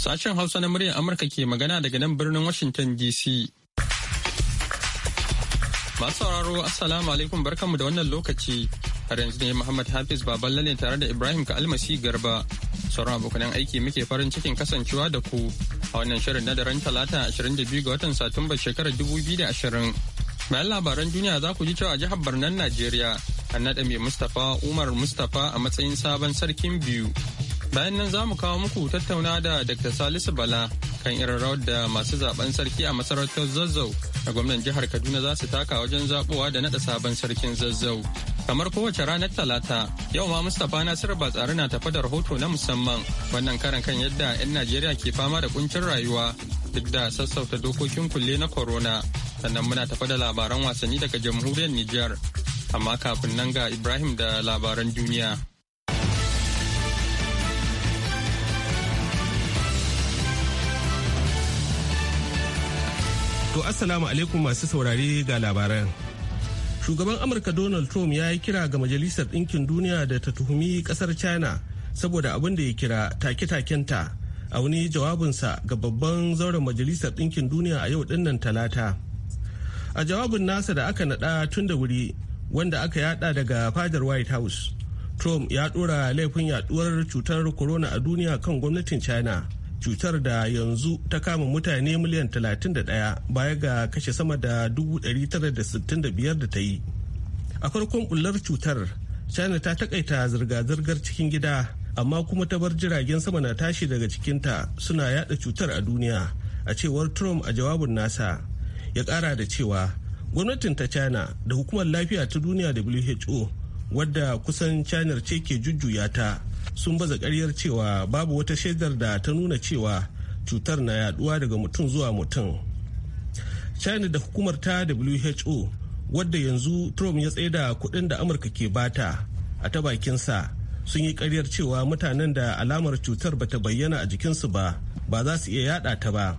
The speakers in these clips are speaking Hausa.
Sashen Hausa na muryar Amurka ke magana daga nan birnin Washington DC. Masu sauraro Assalamu alaikum barkanmu da wannan lokaci. Har yanzu ne Muhammad Hafiz Baballe ne tare da Ibrahim almasi Garba. Sauran abokanen aiki muke farin cikin kasancewa da ku a wannan shirin na daren talata biyu ga watan Satumba shekarar dubu ashirin. Bayan labaran duniya za ku ji cewa jihar Barnan Najeriya an naɗa mai Mustapha Umar Mustapha a matsayin sabon sarkin biyu. Bayan nan za mu kawo muku tattauna da Dr. Salisu Bala kan irin rawar da masu zaben sarki a masarautar Zazzau da gwamnan jihar Kaduna za su taka wajen zabuwa da nada sabon sarkin Zazzau. Kamar kowace ranar Talata, yau ma Mustapha Nasiru ba tsari na tafa da rahoto na musamman wannan karan kan yadda 'yan Najeriya ke fama da kuncin rayuwa duk da sassauta dokokin kulle na corona. Sannan muna tafi da labaran wasanni daga jamhuriyar Nijar. Amma kafin nan ga Ibrahim da labaran duniya. To Assalamu alaikum masu saurare ga labaran. Shugaban Amurka Donald Trump ya yi kira ga Majalisar dinkin Duniya da ta tuhumi kasar China saboda abin da ya kira take-takenta a wani jawabinsa ga babban zauren Majalisar dinkin Duniya a yau dinnan talata. A jawabin nasa da aka naɗa tun da wuri wanda aka yada daga fadar White House. Trump ya ɗora laifin yaduwar cutar corona a duniya kan gwamnatin China. cutar da yanzu ta kama mutane miliyan 31 baya ga kashe sama da 965 da ta yi a farkon bullar cutar china ta takaita zirga-zirgar cikin gida amma kuma ta bar jiragen sama na tashi daga cikinta suna yada cutar a duniya a cewar trump a jawabin nasa ya kara da cewa gwamnatin ta china da hukumar lafiya ta duniya who wadda kusan china ce ke jujjuya ta sun baza karyar cewa babu wata shaidar da ta nuna cewa cutar na yaduwa daga mutum zuwa mutum china da hukumar ta who wadda yanzu trump ya da kudin da amurka ke bata a ta bakinsa sun yi karyar cewa mutanen da alamar cutar bata bayyana a jikinsu ba ba za su iya yada ta ba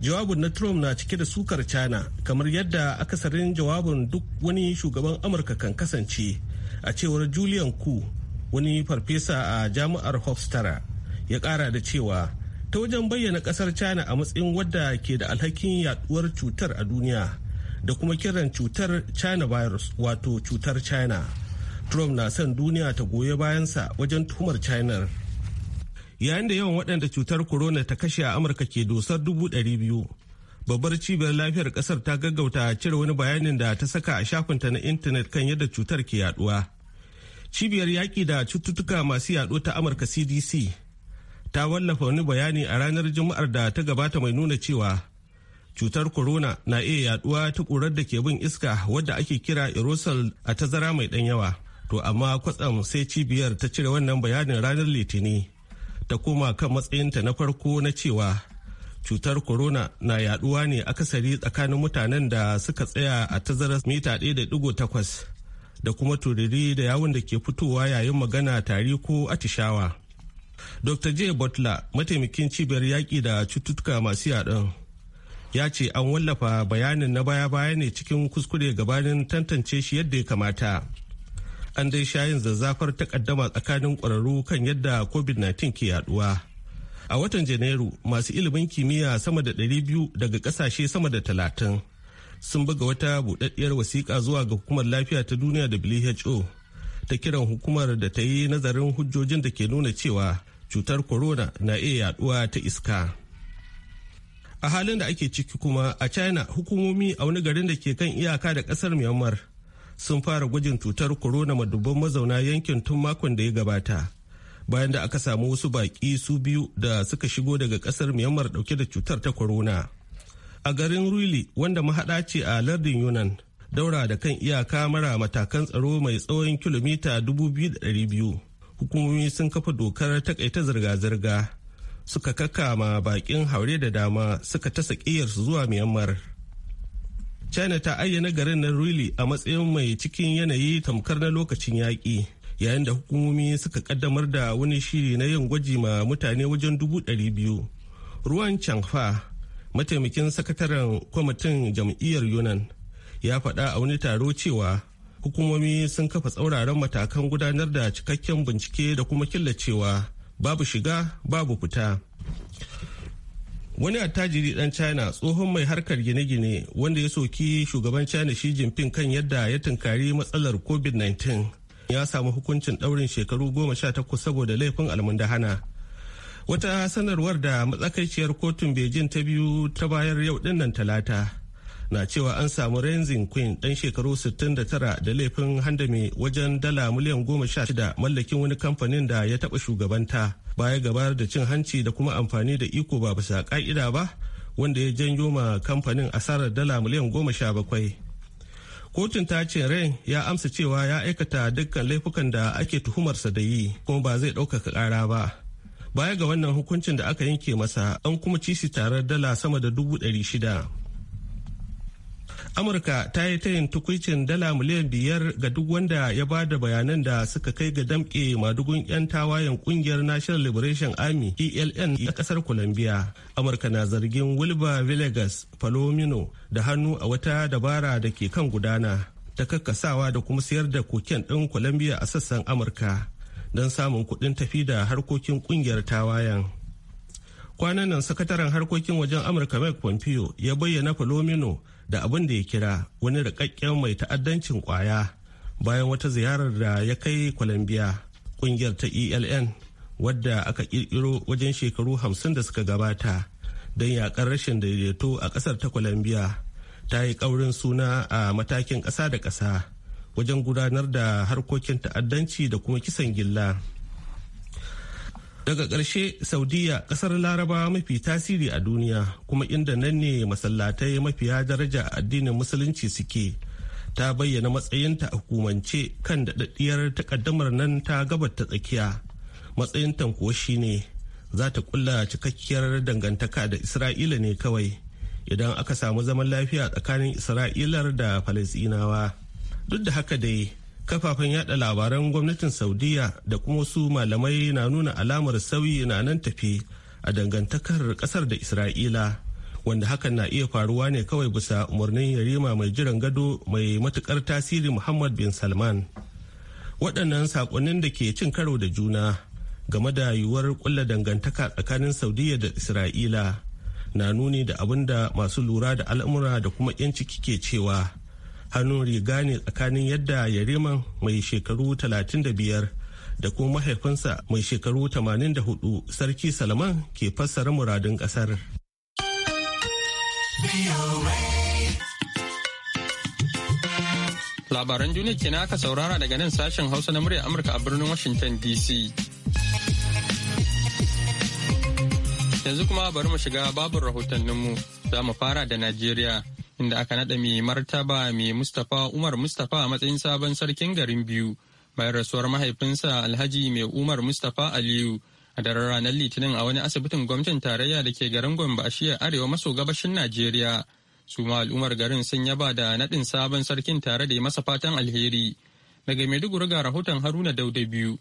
jawabin na trump na cike da sukar china kamar yadda akasarin jawabin duk wani shugaban amurka kan kasance a cewar julian ku wani farfesa a jami'ar hofstra ya kara da cewa ta wajen bayyana kasar china a matsayin wadda ke da alhakin yaduwar cutar a duniya da kuma kiran cutar china virus wato cutar china trump na son duniya ta goyi bayansa wajen tuhumar china yayin da yawan waɗanda cutar corona ta kashe a amurka ke dosar dubu ɗari biyu babbar cibiyar lafiyar kasar ta gaggauta cire wani bayanin da ta saka a shafinta na intanet kan yadda cutar ke yaduwa cibiyar yaƙi da cututtuka masu yaɗo ta amurka cdc ta wallafa wani bayani a ranar juma'ar da ta gabata mai nuna cewa cutar corona na iya yaɗuwa ta ƙurar da ke bin iska wadda ake kira aerosol a tazara mai ɗan yawa to amma kwatsam sai cibiyar ta cire wannan bayanin ranar litini ta koma kan matsayinta na farko na cewa cutar corona na yaduwa ne akasari tsakanin mutanen da suka tsaya a tazarar mita 1.8 da kuma turiri da yawon da ke fitowa yayin magana tari ko atishawa. Dr. J. Butler, mataimakin cibiyar yaƙi da cututtuka masu yaɗin, ya ce an wallafa bayanin na baya-baya ne cikin kuskure gabanin tantance shi yadda ya kamata. An dai shayin zazzafar takaddama tsakanin ƙwararru kan yadda COVID-19 ke yaduwa. A watan Janairu, masu ilimin kimiyya sama da 200 daga ƙasashe sama da 30 sun buga wata buɗaɗɗiyar wasiƙa zuwa ga hukumar lafiya ta duniya WHO ta kiran hukumar da ta yi nazarin hujjojin da ke nuna cewa cutar corona na iya yaduwa ta iska. A halin da ake ciki kuma a China hukumomi a wani garin da ke kan iyaka da ƙasar Myanmar sun fara gwajin cutar corona ma mazauna yankin tun makon da ya gabata. Bayan da aka samu wasu baƙi su biyu da suka shigo daga ƙasar Myanmar dauke da cutar ta corona. a garin Ruili wanda mahaɗa ce a lardin Yunan. Daura da kan iyaka mara matakan tsaro mai tsawon kilomita 2,200. Hukumomi sun kafa dokar takaita zirga-zirga. Suka kaka ma bakin haure da dama suka ta sakiyarsu zuwa Myanmar. China ta ayyana garin na Ruili a matsayin mai cikin yanayi tamkar na lokacin yaƙi. Yayin da hukumomi suka kaddamar da wani shiri na yin gwaji ma mutane wajen dubu ɗari biyu. Ruwan Changfa mataimakin sakataren kwamitin jam'iyyar yunan ya faɗa a wani taro cewa hukumomi sun kafa tsauraran matakan gudanar da cikakken bincike da kuma killacewa babu shiga babu fita wani attajiri dan china tsohon mai harkar gine-gine wanda ya soki shugaban china shi jinping kan yadda ya tunkari matsalar covid-19 ya samu hukuncin daurin shekaru goma sha takwas saboda laifin almundahana wata sanarwar da matsakaiciyar kotun beijing ta biyu ta bayar yau dinnan talata na cewa an samu renzin queen dan shekaru 69 da laifin handame wajen dala miliyan 16 mallakin wani kamfanin da ya taba shugabanta baya gabar da cin hanci da kuma amfani da iko ba bisa ka'ida ba wanda ya janyo ma kamfanin asarar dala miliyan 17 kotun ta ce ren ya amsa cewa ya aikata dukkan laifukan da ake tuhumarsa da yi kuma ba zai ɗaukaka ƙara ba baya ga wannan hukuncin da aka yanke masa an kuma ci shi tarar dala sama da dubu ɗari shida amurka ta yi tayin tukwicin dala miliyan biyar ga duk wanda ya ba da bayanan da suka kai ga damƙe madugun 'yan tawayen kungiyar national liberation army eln na kasar colombia amurka na zargin wilbur villegas palomino da hannu a wata dabara da ke kan gudana ta kakkasawa da kuma sayar da koken ɗin colombia a sassan amurka don samun kuɗin tafi da harkokin ƙungiyar tawayan. Kwanan nan sakataren harkokin wajen Amurka Mike Pompeo ya bayyana Palomino da abin da ya kira wani rikakken mai ta'addancin kwaya bayan wata ziyarar da ya kai Colombia ƙungiyar ta ELN wadda aka ƙirƙiro wajen shekaru hamsin da suka gabata don yaƙar rashin daidaito a ƙasar ta Colombia ta yi ƙaurin suna a matakin ƙasa da ƙasa. wajen gudanar da harkokin ta'addanci da kuma kisan gilla daga ƙarshe saudiya ƙasar laraba mafi tasiri a duniya kuma inda nan ne masallatai mafiya daraja a addinin musulunci suke ta bayyana matsayinta a hukumance kan daɗaɗɗiyar takaddamar nan ta gabar ta tsakiya matsayinta kuwa ne za ta kulla cikakkiyar dangantaka da isra'ila ne kawai idan aka samu zaman lafiya tsakanin isra'ilar da falasɗinawa duk da haka dai kafafen yada labaran gwamnatin saudiya da kuma wasu malamai na nuna alamar sauyi na nan tafi a dangantakar kasar da isra'ila wanda hakan na iya faruwa ne kawai bisa umarnin yarima mai jiran gado mai matukar tasiri muhammad bin salman waɗannan saƙonnin da ke cin karo da juna game da yiwuwar kulla dangantaka tsakanin saudiya da isra'ila na nuni da abin da masu lura da al'amura da kuma 'yan ciki ke cewa hannun riga ne tsakanin yadda yariman mai shekaru 35 da kuma mahaifinsa mai shekaru 84 sarki salman ke fassara muradun kasar labaran duniya kenan aka saurara daga nan sashen hausa na murya amurka a birnin washington dc Yanzu kuma bari mu shiga babin rahotanninmu za mu fara da Najeriya inda aka naɗa mai martaba mai Mustapha Umar Mustapha a matsayin sabon sarkin garin biyu bayan rasuwar mahaifinsa Alhaji mai Umar Mustapha Aliyu a daren ranar Litinin a wani asibitin gwamnatin tarayya da ke garin Gombe a shiyar arewa maso gabashin Najeriya. Su ma al'ummar garin sun yaba da naɗin sabon sarkin tare da masa fatan alheri. Daga Maiduguri ga rahoton Haruna Dauda biyu.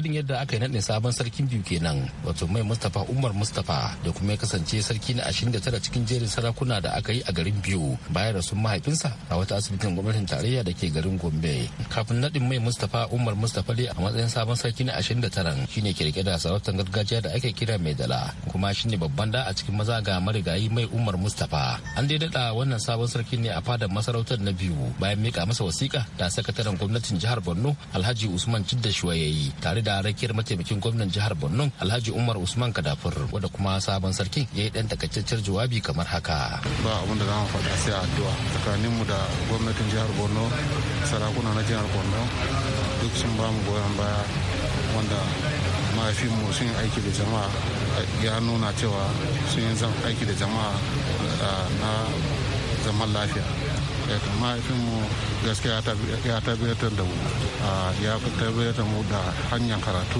irin yadda aka yi naɗin sabon sarkin biyu kenan wato mai mustapha umar mustapha da kuma ya kasance sarki na tara cikin jerin sarakuna da aka yi a garin biyu bayan rasun mahaifinsa a wata asibitin gwamnatin tarayya da ke garin gombe kafin naɗin mai mustapha umar mustapha dai a matsayin sabon sarki na tara shine ke da sarautar gargajiya da ake kira mai dala kuma shine babban da a cikin maza ga marigayi mai umar mustapha an dai daɗa wannan sabon sarki ne a fadar masarautar na biyu bayan mika masa wasiƙa da sakataren gwamnatin jihar borno alhaji usman cidda shuwaye tare da da rakiyar mataimakin gwamnan jihar Borno Alhaji Umar Usman Kadafur wanda kuma sabon sarkin ya yi dan takaitaccen jawabi kamar haka. Ba abin da za mu faɗa sai addu'a tsakanin mu da gwamnatin jihar Borno sarakuna na jihar Borno duk sun ba mu goyon baya wanda mu sun aiki da jama'a ya nuna cewa sun yi aiki da jama'a ah, na zaman lafiya to mahaifinmu gaskiya ya tabbatar da mu ya tabbatar mu da hanyar karatu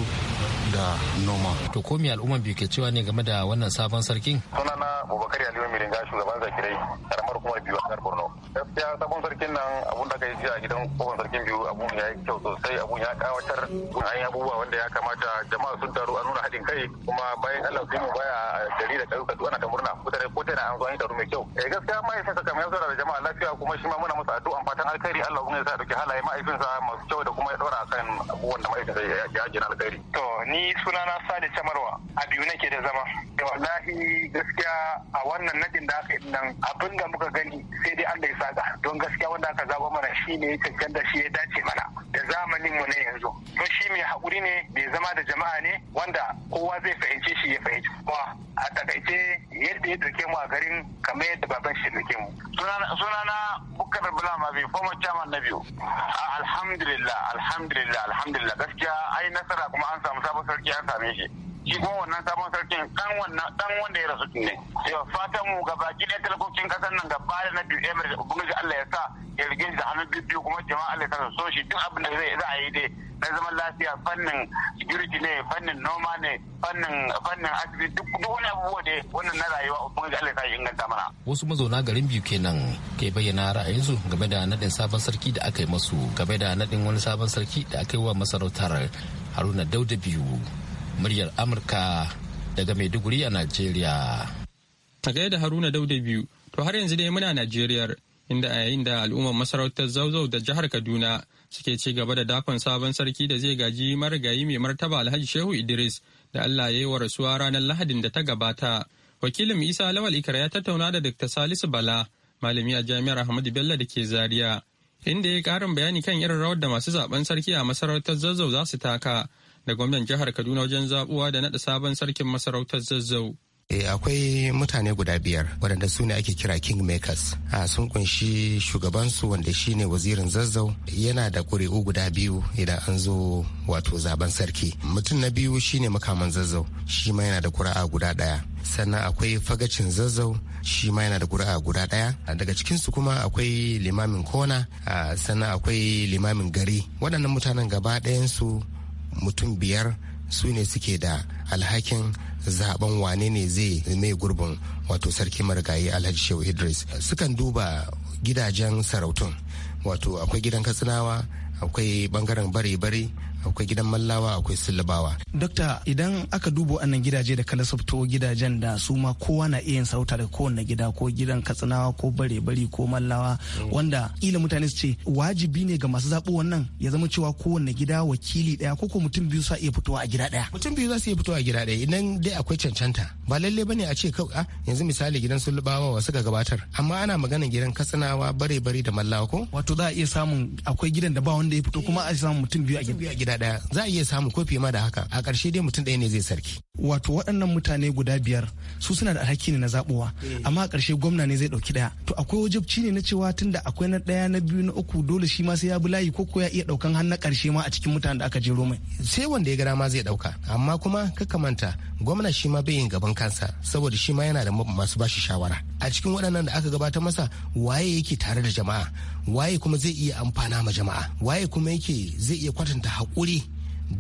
da noma. To komi al'umman biyu ke cewa ne game da wannan sabon sarkin? Sunana Bubakar Mirin Miringa shugaban zakirai karamar kuma biyu a Borno. gaskiya sabon sarkin nan abun da kai a gidan kofar sarkin biyu abun ya yi kyau sosai abun ya kawatar an yi abubuwa wanda ya kamata jama'a sun taru a nuna haɗin kai kuma bayan Allah sun baya gari da ƙauyuka duk ana ta murna kutare ko ta an zo an yi taro mai kyau eh gaskiya ma yasa saka mai yaudara da jama'a lafiya kuma shi ma muna masa addu'an fatan alkhairi Allah ya sa dauki halaye ma'aikinsa masu kyau da kuma ya daura akan abubuwan da ma'aikinsa ya ajiyar alkhairi to ni sa da camarwa a biyu nake da zama wallahi gaskiya a wannan nadin da aka yi nan abin da muka gani sai dai an da zaga don gaskiya wanda aka zaba mana shi ne da shi ya dace mana da zamanin mu na yanzu don shi mai haƙuri ne bai zama da jama'a ne wanda kowa zai fahimci shi ya fahimci kuma a takaice yadda ya dauke mu a garin kamar yadda baban shi dauke mu sunana bukkar bulama bai former chairman na biyu alhamdulillah alhamdulillah alhamdulillah gaskiya ai nasara kuma an samu sabon sarki an same shi shi kuma wannan sabon sarkin kan wannan dan wanda ya rasu ne yau fatan mu ga baki da talakokin kasar nan gaba da na biyu emir ubangiji Allah ya sa ya rige shi da hannun biyu kuma jama'a Allah ya sa so shi duk abin da zai za a yi dai na zaman lafiya fannin security ne fannin noma ne fannin fannin asibiti duk duk wani abubuwa dai wannan na rayuwa ubangiji Allah ya sa ya inganta mana wasu mazauna garin biyu kenan ke bayyana ra'ayinsu game da nadin sabon sarki da aka yi masu game da nadin wani sabon sarki da aka yi wa masarautar Haruna Dauda biyu muryar amurka daga maiduguri a najeriya a gaida haruna dauda biyu to har yanzu dai muna najeriyar inda a yayin da al'ummar masarautar zauzau da jihar kaduna suke ci gaba da dakon sabon sarki da zai gaji marigayi mai martaba alhaji shehu idris da allah ya yi wa rasuwa ranar lahadin da ta gabata wakilin isa lawal ikara ya tattauna da dr salisu bala malami a jami'ar ahmadu bello da ke zaria inda ya karin bayani kan irin rawar da masu zaben sarki a masarautar zazzau za su taka da gwamnan jihar Kaduna wajen zabuwa da naɗa sabon sarkin masarautar zazzau. Eh, akwai mutane guda biyar waɗanda su ne ake kira kingmakers a sun kunshi shugabansu wanda shine wazirin zazzau yana da ƙuri'u guda biyu idan an zo wato zaben sarki mutum na biyu shine makaman zazzau shi ma yana da ƙuri'a guda ɗaya sannan akwai fagacin zazzau shi ma yana da ƙuri'a guda ɗaya daga cikinsu kuma akwai limamin kona sannan akwai limamin gari waɗannan mutanen gaba ɗayansu mutum biyar su ne suke da alhakin zaben wane ne zai mai gurbin wato sarki marigayi alhaji shehu idris sukan duba gidajen sarautun wato akwai gidan katsinawa akwai bangaren bare-bare akwai gidan mallawa akwai sillabawa. dokta idan aka duba wannan gidaje da kala sabto gidajen da su ma kowa na iya sauta da kowane gida ko gidan katsinawa ko bare bari ko mallawa wanda ila mutane su ce wajibi ne ga masu zaɓo wannan ya zama cewa kowane gida wakili ɗaya ko ko mutum biyu sa iya fitowa a gida ɗaya. mutum biyu za su iya fitowa a gida ɗaya idan dai akwai cancanta ba lallai bane a ce kawai ah, yanzu misali gidan sullubawa wa suka gabatar amma ana magana gidan katsinawa bare bari da mallawa ko. wato za a iya samun akwai gidan da ba wanda ya fito kuma a samun mutum biyu a gida. gida daya za a iya samu ko fiye ma da haka a ƙarshe dai mutum ɗaya ne zai sarki wato waɗannan mutane guda biyar su suna da alhaki ne na zabuwa eh. amma a ƙarshe gwamna ne zai ɗauki ɗaya to akwai wajibci ne na cewa tunda akwai na ɗaya na biyu na uku dole shi ma sai ya bi layi ko ko ya iya ɗaukan har na ƙarshe ma a cikin mutanen da aka jero mai sai wanda ya gara ma zai ɗauka amma kuma ka kamanta gwamna shi ma bai yin gaban kansa saboda shi ma yana da masu bashi shawara a cikin waɗannan da aka gabatar masa waye yake tare da jama'a waye kuma zai iya amfana ma jama'a waye kuma yake zai iya kwatanta haƙuri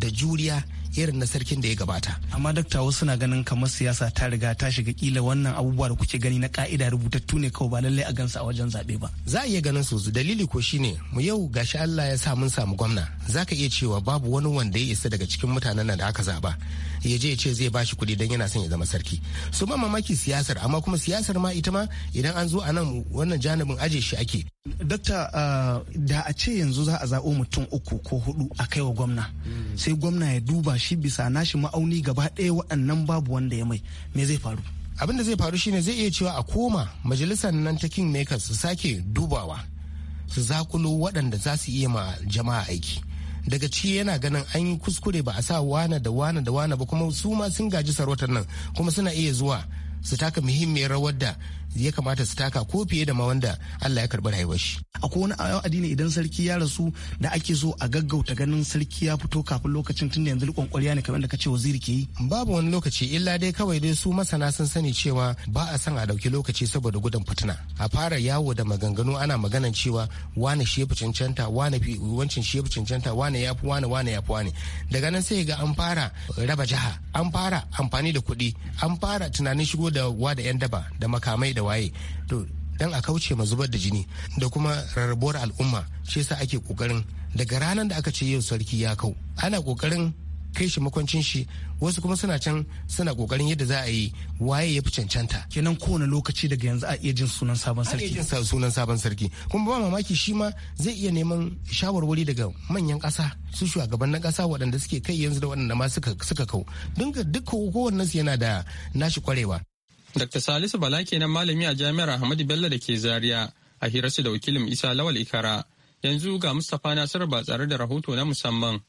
da juriya irin na sarkin da ya gabata. Amma dakta wasu na ganin kamar siyasa ta riga ta shiga kila wannan abubuwa da kuke gani na ka'ida rubutattu ne kawai ba lallai a gansa a wajen zaɓe ba. Za a iya ganin su dalili ko shine mu yau gashi Allah ya sa mun samu gwamna za ka iya cewa babu wani wanda ya isa daga cikin mutanen da aka zaba. ya je ya ce zai bashi kuɗi don yana son ya zama sarki su ma mamaki siyasar amma kuma siyasar ma ita ma idan an zo a nan wannan janibin aje shi ake. Dokta uh, da a ce yanzu za a zaɓo mutum uku ko hudu a kai wa gwamna sai gwamna ya duba shi bisa nashi ma'auni gaba ɗaya waɗannan babu wanda ya mai me zai faru. abin da zai faru shine zai iya cewa a koma majalisar nan ta Makers su sake dubawa su zakulo waɗanda za su iya ma jama'a aiki daga ci yana ganin an yi kuskure ba a sa wana da wana da wana ba kuma su ma sun gaji sarautar nan kuma suna iya zuwa su taka muhimmiyar rawar da ya kamata su taka ko fiye da ma wanda Allah ya karbi rayuwar shi. Akwai wani addini idan sarki ya rasu da ake so a gaggauta ganin sarki ya fito kafin lokacin tun da yanzu rikon kwariya ne kamar da kace waziri ke yi. Babu wani lokaci illa dai kawai dai su masana sun sani cewa ba a son a dauki lokaci saboda gudun fitina. A fara yawo da maganganu ana maganan cewa wane shi ya fi cancanta wane fi wancin shi ya fi cancanta wane ya fi wane wane ya fi wane. Daga nan sai ga an fara raba jaha an fara amfani da kuɗi an fara tunanin shigo da wa da 'yan daba da makamai da waye to dan a kauce ma zubar da jini da kuma rarrabuwar al'umma shi yasa ake kokarin daga ranar da aka ce yau sarki ya kau ana kokarin kai shi makwancin shi wasu kuma suna can suna kokarin yadda za a yi waye ya fi cancanta kenan kowane lokaci daga yanzu a iya jin sunan sabon sarki iya sunan sabon sarki kuma ba mamaki shi ma zai iya neman shawarwari daga manyan kasa su na kasa waɗanda suke kai yanzu da waɗanda ma suka kau dinka duk yana da nashi kwarewa Dr. Salisu Bala kenan malami a Jami'ar Ahmadu Bello da ke Zaria a hirarsu da wakilin Isa Lawal Ikara. Yanzu ga Mustapha Nasiru ba tsare da rahoto na musamman.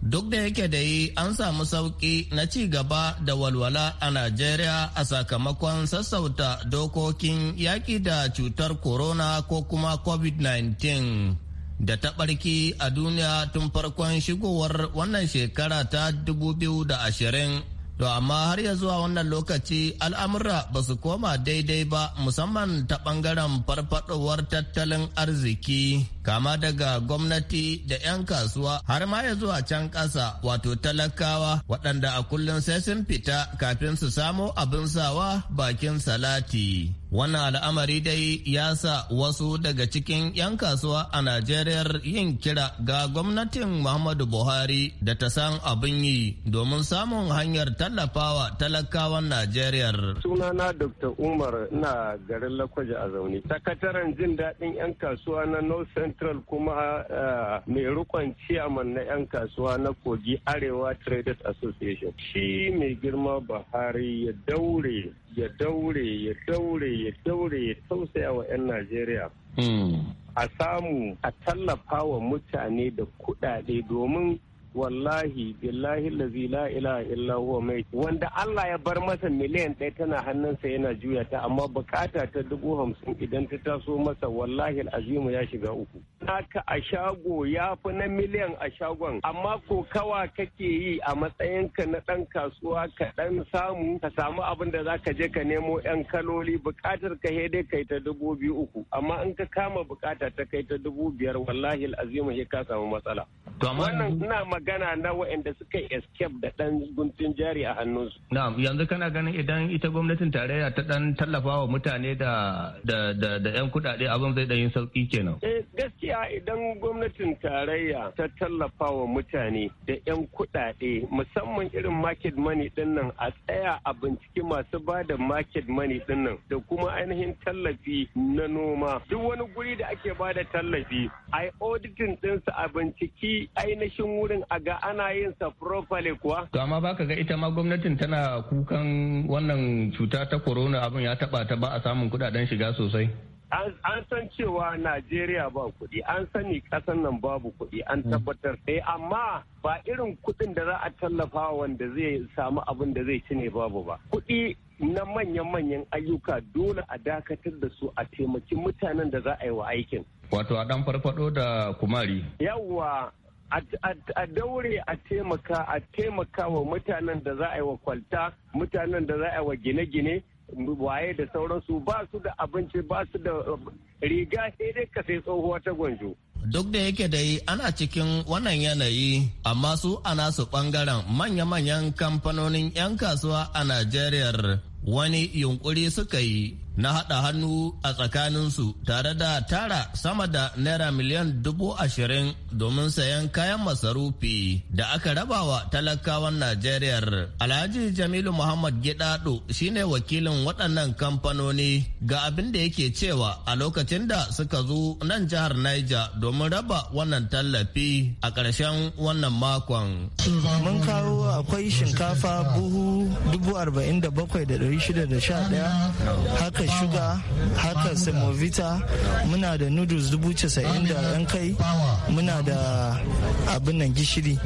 Duk da yake da yi an samu sauƙi na ci gaba da walwala a Najeriya a sakamakon sassauta dokokin yaƙi da cutar corona ko kuma COVID-19. da ta ɓarki a duniya tun farkon shigowar wannan shekara ta 2020 To amma har ya zuwa wannan lokaci al'amura ba su koma daidai ba musamman ta ɓangaren farfadowar tattalin arziki kama daga gwamnati da 'yan kasuwa har ma ya zuwa can ƙasa wato talakawa waɗanda a kullum sai sun fita kafin su samo abin sawa bakin salati. Wannan al'amari dai ya sa wasu daga cikin 'yan kasuwa a Najeriya yin kira ga gwamnatin Muhammadu Buhari da ta san abin yi domin samun hanyar tallafawa talakawan Najeriya. Sunana Dr. Umar na garin Lakwaje a zaune. Sakataren jin daɗin 'yan kasuwa na North Central kuma eh, mai rikon ciyaman na 'yan kasuwa na Kogi Arewa Traders Association. Shi mai girma Buhari ya daure ya daure ya daure ya daure ya tausaya wa 'yan najeriya hmm. a samu a tallafa wa mutane da kuɗaɗe domin wallahi billahi lazi la ilaha illa huwa mai wanda Allah ya bar masa miliyan ɗaya tana hannunsa yana juya ta amma bukata ta dubu hamsin idan ta taso masa wallahi azimu ya shiga uku naka a shago ya fi na miliyan a shagon amma ko kawa kake yi a matsayinka na ɗan kasuwa ka ɗan samu ka samu abin da zaka je ka nemo yan kaloli bukatar ka dai kai ta dubu biyu uku amma in ka kama bukata ta kai ta dubu biyar wallahi azimu ya ka samu matsala Wannan ina magana na waɗanda suka escape da ɗan guntun jari a hannunsu. Na yanzu kana ganin idan ita gwamnatin tarayya ta ɗan tallafa wa mutane da 'yan kuɗaɗe abin zai ɗan yin sauƙi kenan. Eh gaskiya idan gwamnatin tarayya ta tallafa wa mutane da 'yan kuɗaɗe musamman irin market money ɗin a tsaya a binciki masu ba da market money ɗin da kuma ainihin tallafi na noma. Duk wani guri da ake ba da tallafi ai auditing ɗinsa a binciki shi ainihin wurin a ga ana yin sa properly kuwa. To amma baka ga ita ma gwamnatin tana kukan wannan cuta ta corona abin ya taba ta ba a samun kudaden shiga sosai. an san cewa Najeriya ba kuɗi an sani ƙasar nan babu kuɗi an hmm. tabbatar sai eh, amma ba irin kuɗin da za a tallafa wanda zai samu abin da zai ci ne babu ba kuɗi na manyan-manyan ayyuka dole a dakatar da su a taimaki mutanen da za a yi wa aikin wato a ɗan farfado da kumari yawwa a daure a taimaka a taimaka wa mutanen da za a yi wa kwalta mutanen da za a yi wa gine-gine waye da sauransu ba su da abinci ba su da riga sai dai ka sai tsohuwa ta gwanjo. Duk da yake da yi ana cikin wannan yanayi amma su ana su bangaren manya-manyan kamfanonin 'yan kasuwa a Najeriya wani yunkuri suka yi na haɗa hannu a tsakaninsu tare da tara sama da naira miliyan dubu ashirin domin sayan kayan masarufi da aka rabawa talakawan Najeriya. Alhaji Jamilu Muhammad Gidado shine wakilin waɗannan kamfanoni ga abin da yake cewa a lokacin da suka zo nan jihar Niger domin raba wannan tallafi a ƙarshen wannan makon. Mun kawo akwai shinkafa buhu dubu arba'in da bakwai da ɗari shida da sha ɗaya haka shuga haka semovita muna da noodles dubu casa'in da yan kai muna da abin nan gishiri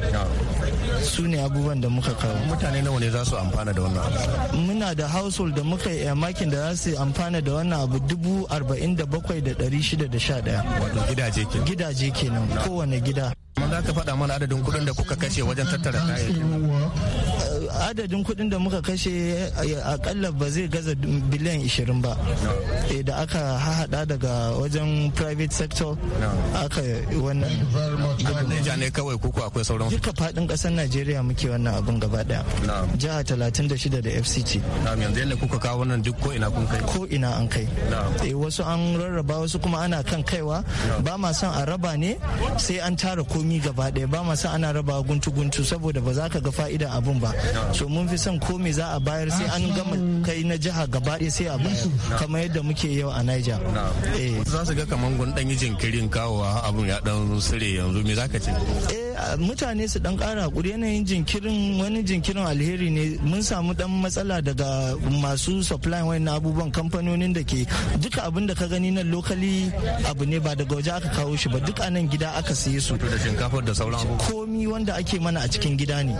su ne abubuwan da muka kawo mutane nawa ne za su amfana da wannan abu muna da household da muka yi makin da za su amfana da wannan abu dubu arba'in da bakwai da dari shida da sha daya gidaje kenan gidaje kenan kowane gida Mun za ka faɗa mana adadin kuɗin da kuka kashe wajen tattara kayayyaki adadin kuɗin da muka kashe eh, akalla ba zai gaza biliyan 20 ba eh, da aka hahada daga wajen private sector aka wannan Niger ne kawai kuku akwai sauran duka faɗin kasar Najeriya muke wannan abin gaba daya jiha 36 da FCT yanzu yadda kuka kawo wannan duk ko ina kun kai ko ina an kai eh, wasu an rarraba wasu kuma ana kan kaiwa ba ma son a raba ne sai an tara komi gaba daya ba ma son ana raba guntu guntu saboda ba za ka ga fa'ida abun ba so mun fi son ko me za a bayar sai an gama kai na jiha gaba ɗaya sai a bayar kamar yadda muke yau a Niger. Eh. Za su ga kamar gundan ɗan yi jinkirin kawowa abun ya ɗan sire yanzu me za ka ce? Eh mutane su dan kara hakuri yanayin jinkirin wani jinkirin alheri ne mun samu dan matsala daga masu supply wani abubuwan kamfanonin da ke duka abin da ka gani nan lokali abu ne ba daga waje aka kawo shi ba duk a nan gida aka siye su komi wanda ake mana a cikin gida ne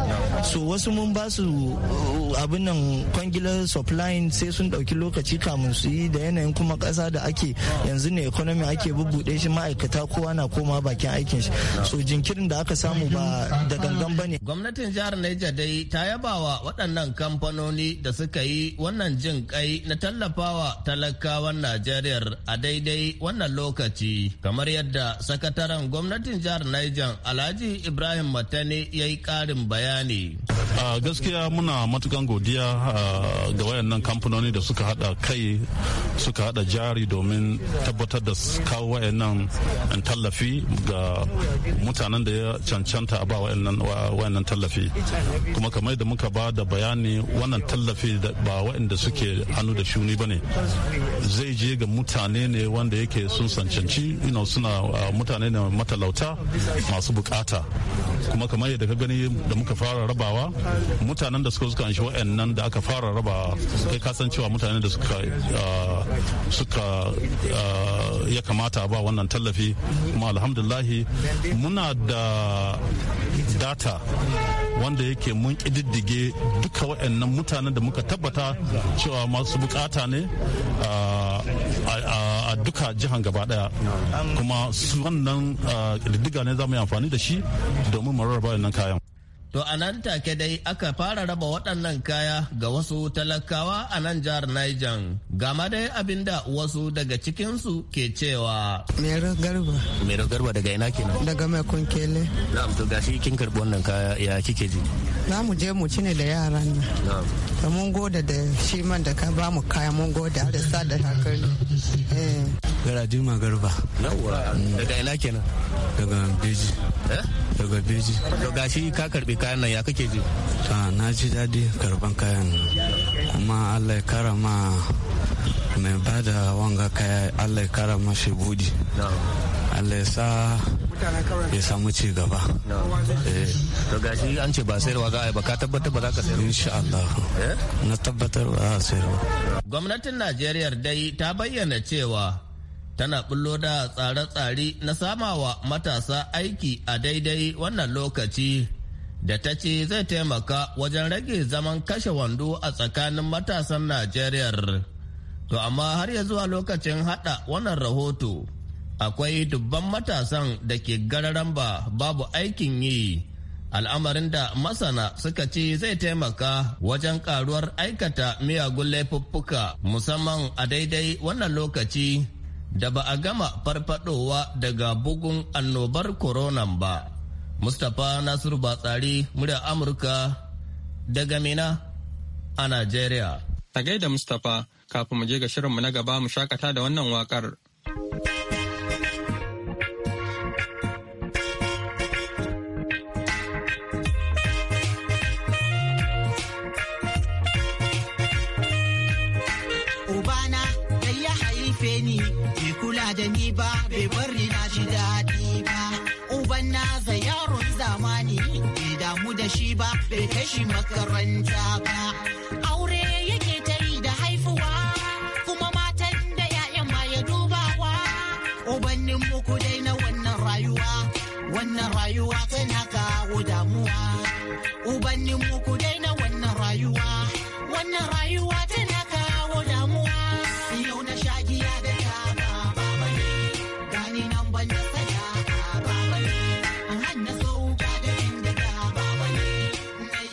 so wasu mun ba su uh, abin nan kwangilar supply sai sun dauki lokaci kamun su yi da yanayin kuma kasa da ake yanzu ne economy ake bubbude shi ma'aikata kowa na koma bakin aikin shi so jinkirin da aka samu ba da gangan ba ne. Gwamnatin jihar Niger dai ta yabawa waɗannan kamfanoni da suka yi wannan jin kai na tallafawa talakawan Najeriya a daidai wannan lokaci. Kamar yadda sakataren gwamnatin jihar Niger Alhaji Ibrahim Matani ya yi ƙarin bayani. Gaskiya muna matukan godiya ga wayannan kamfanoni da suka haɗa kai suka haɗa jari domin tabbatar da kawo wayannan tallafi ga mutanen da ya cancanta a ba wa'annan tallafi kuma kamar da muka ba da bayani wannan tallafi ba wa'anda suke hannu da shuni ba ne zai je ga mutane ne wanda yake sun sancanci suna uh, mutane ne matalauta masu bukata kuma kamar yadda ka gani da muka fara rabawa mutanen da suka suka shi wa'annan da aka fara rabawa kai kasan cewa mutanen da suka uh, suka uh, ya kamata ba wannan tallafi kuma alhamdulahi muna da data wanda yake mun ƙididdige duka waɗannan mutanen da muka tabbata cewa masu bukata ne a duka jihan gaba daya kuma su wannan ƙididdiga ne za mu yi amfani da shi domin mararraba rarraba kayan To a nan take dai aka fara raba waɗannan kaya ga wasu talakawa a nan jihar Niger. Gama dai abinda wasu daga cikinsu ke cewa. Mero Garba. Mero Garba daga ina kenan? Daga mai kele. Na'am to gashi kin karɓi wannan kaya ya kike ji? Na mu je mu cine da yaran nan. Na'am. da mun goda da shi man da ka ba mu kaya mun goda da sa da hankali eh. garaji magarba garba. daga ina kenan daga beji eh? daga beji to gashi ka karbi kayan nan ya kake ji ah, na ji daɗi karban kayan kuma allah karama mai ba da wanga kaya allah karama shi budi allah ya sa ya samu ci gaba eh. to shi an ce ba sayarwa za a yi ba ka tabbatar ba za ka sayarwa insha allah eh? na tabbatar ba za a sayarwa gwamnatin najeriya dai ta bayyana cewa tana bullo da tsare-tsare na samawa matasa aiki a daidai wannan lokaci da ta ce zai taimaka wajen rage zaman kashe wando a tsakanin matasan Najeriya. To amma har ya zuwa lokacin hada wannan rahoto akwai dubban matasan da ke gararan ba babu aikin yi al'amarin da masana suka ce zai taimaka wajen karuwar aikata miyagun laifuffuka musamman a daidai wannan lokaci da ba a gama farfadowa daga bugun annobar coronan ba. Mustapha Nasiru Batsari murya Amurka daga Mina a Najeriya. Ta gaida Mustapha kafin mu je ga shirinmu na gaba mu shakata da wannan waƙar. damu da shi ba bai kashi makaranta ba aure yake ta yi da haifuwa kuma matan da 'ya'yan ma ya dubawa ubannin muku dai na wannan rayuwa wannan rayuwa tana kawo damuwa ubannin muku dai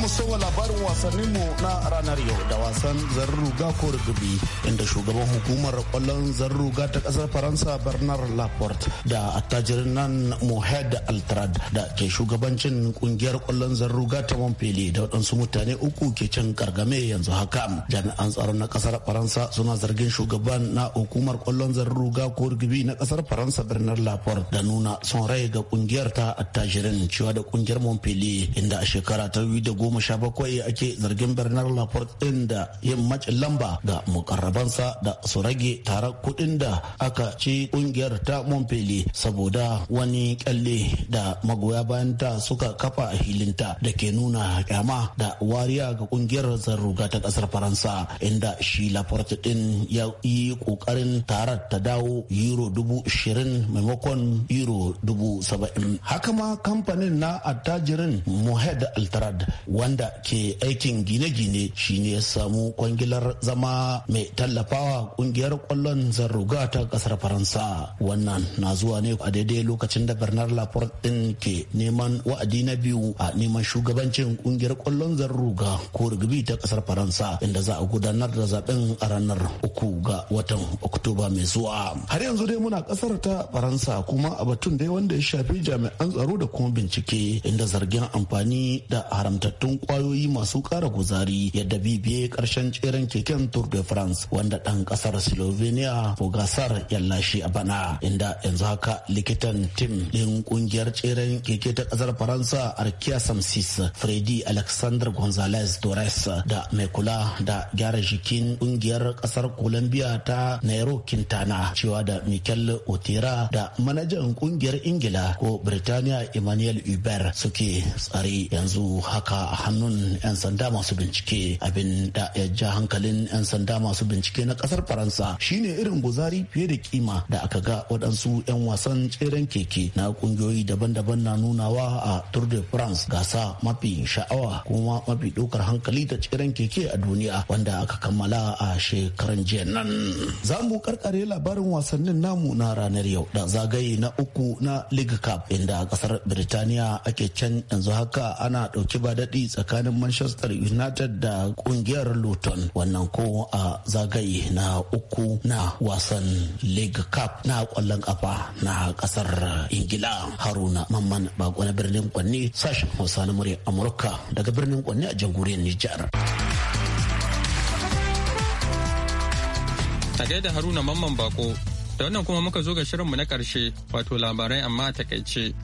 mu wa labarin mu na ranar yau da wasan zarruga ko rugby inda shugaban hukumar kwallon zarruga ta kasar faransa bernard laporte da attajirin nan mohed altrad da ke shugabancin kungiyar kwallon zarruga ta montpellier da waɗansu mutane uku ke cin gargame yanzu haka jami'an tsaron na kasar faransa suna zargin shugaban na hukumar kwallon zarruga ko rugby na kasar faransa bernard laporte da nuna son rai ga kungiyar ta attajirin cewa da kungiyar montpellier inda a shekara ta 2010 goma sha bakwai ake zargin bernard laporte din da yin macin lamba ga mukarrabansa da su rage tare kuɗin da aka ci kungiyar ta Montpellier saboda wani kyalle da magoya bayanta suka kafa a hilinta da ke nuna kyama da wariya ga kungiyar zarruga ta kasar Faransa inda shi Laporte din ya yi kokarin tarar ta dawo euro dubu shirin maimakon euro dubu saba'in. Haka ma kamfanin na attajirin Mohed Altrad wanda ke aikin gine-gine shine ya samu kwangilar zama mai tallafawa kungiyar kwallon zarruga ta kasar faransa wannan na zuwa ne a daidai lokacin da bernard laporte din ke neman wa'adi na biyu a neman shugabancin kungiyar kwallon zarruga ko rugby ta kasar faransa inda za a gudanar da zaben a ranar uku ga watan oktoba mai zuwa har yanzu dai muna kasar ta faransa kuma a batun dai wanda ya shafi jami'an tsaro da kuma bincike inda zargin amfani da haramtattun cikin kwayoyi masu kara kuzari yadda bibiye karshen tseren keken tour de france wanda dan kasar slovenia fogasar ya lashe a bana inda yanzu haka likitan tim din kungiyar tseren keke ta kasar faransa arkiya samsis freddy alexander gonzalez torres da mai kula da gyara jikin kungiyar kasar colombia ta nairo quintana cewa da mikel otera da manajan kungiyar ingila ko birtaniya emmanuel uber suke tsare yanzu haka hannun 'yan sanda masu bincike abin da ya ja hankalin 'yan sanda masu bincike na kasar faransa shine irin guzari fiye da kima da aka ga waɗansu 'yan wasan tseren keke na kungiyoyi daban-daban na nunawa a tour de france gasa mafi sha'awa kuma mafi ɗaukar hankali da tseren keke a duniya wanda aka kammala a shekaran jiya nan za mu karkare labarin wasannin namu na ranar yau da zagaye na uku na league cup inda kasar birtaniya ake can yanzu haka ana ɗauki ba daɗi tsakanin manchester united da kungiyar luton wannan ko a zagaye na uku na wasan league cup na kwallon kafa na kasar ingila haruna mamman bako na birnin kwanne sashen hausa na murya amurka daga birnin kwanne a jamhuriyar nijar a da haruna mamman bako da wannan kuma muka zo ga shirinmu na karshe wato labarai amma a takaice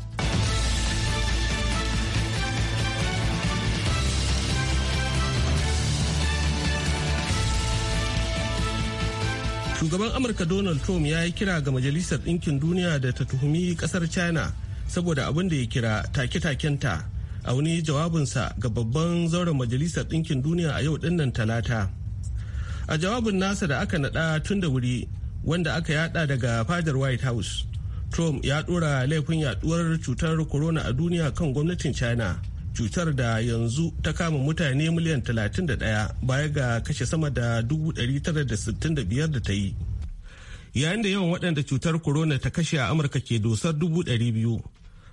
shugaban amurka donald trump ya yi kira ga majalisar ɗinkin duniya da ta tuhumi ƙasar china saboda abin da ya kira take-takenta a wani jawabinsa ga babban zauren majalisar ɗinkin duniya a yau dinnan talata a jawabin nasa da aka naɗa tun da wuri wanda aka yada daga fadar white house trump ya ɗora laifin yaɗuwar cutar corona a duniya kan gwamnatin china cutar da yanzu ta kama mutane miliyan 31 baya ga kashe sama da 965 da ta yi yayin da yawan waɗanda cutar corona ta kashe a amurka ke dosar 200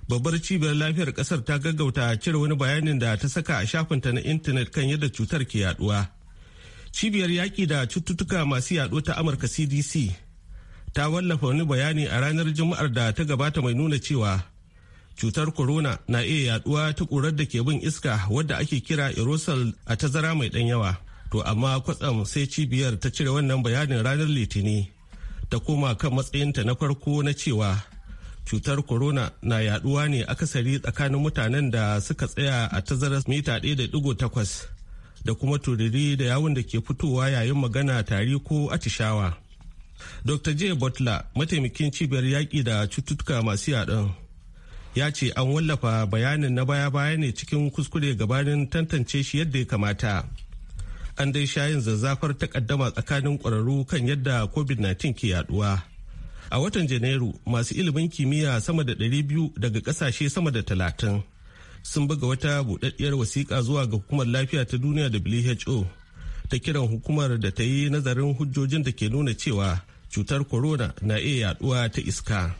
babbar cibiyar lafiyar ƙasar ta gaggauta cire wani bayanin da ta saka a shafinta na intanet kan yadda cutar ke yaduwa cibiyar yaƙi da cututtuka masu yaɗo ta amurka cdc ta wallafa wani bayani a ranar juma'ar da ta gabata mai nuna cewa cutar corona na iya yaduwa ta kurar da ke bin iska wadda ake kira aerosol a tazara mai ɗan yawa to amma kwatsam sai cibiyar ta cire wannan bayanin ranar litini ta koma kan matsayinta na farko na cewa cutar corona na yaduwa ne akasari tsakanin mutanen da suka tsaya a tazarar mita 1.8 da kuma turiri da yawun da ke fitowa yayin magana tari ko atishawa. Dr. J. Butler, mataimakin cibiyar yaƙi da cututtuka masu yaɗin, ya ce an wallafa bayanin na baya-baya ne cikin kuskure gabanin tantance shi yadda ya kamata an dai shayin zazzafar takaddama tsakanin ƙwararru kan yadda covid-19 ke yaduwa a watan janairu masu ilimin kimiyya sama da 200 daga ƙasashe sama da 30 sun buga wata buɗaɗɗiyar wasiƙa zuwa ga hukumar lafiya ta duniya who ta kiran hukumar da ta yi nazarin hujjojin da ke nuna cewa cutar corona na iya yaduwa ta iska.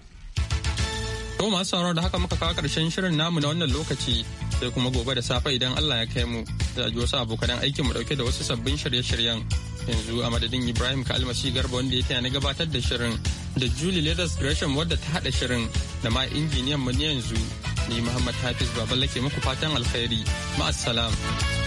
To masu sauraro da haka muka kawo karshen shirin namu na wannan lokaci sai kuma gobe da safe idan Allah ya kai mu za ji wasu abokan aikin mu dauke da wasu sabbin shirye-shiryen. Yanzu a madadin Ibrahim Kalmasi Garba wanda yake na gabatar da shirin da Julie Leathers Gresham wadda ta hada shirin da ma injiniyan mu ne yanzu ni Muhammad Hafiz Babalake muku fatan alkhairi. Ma'assalam.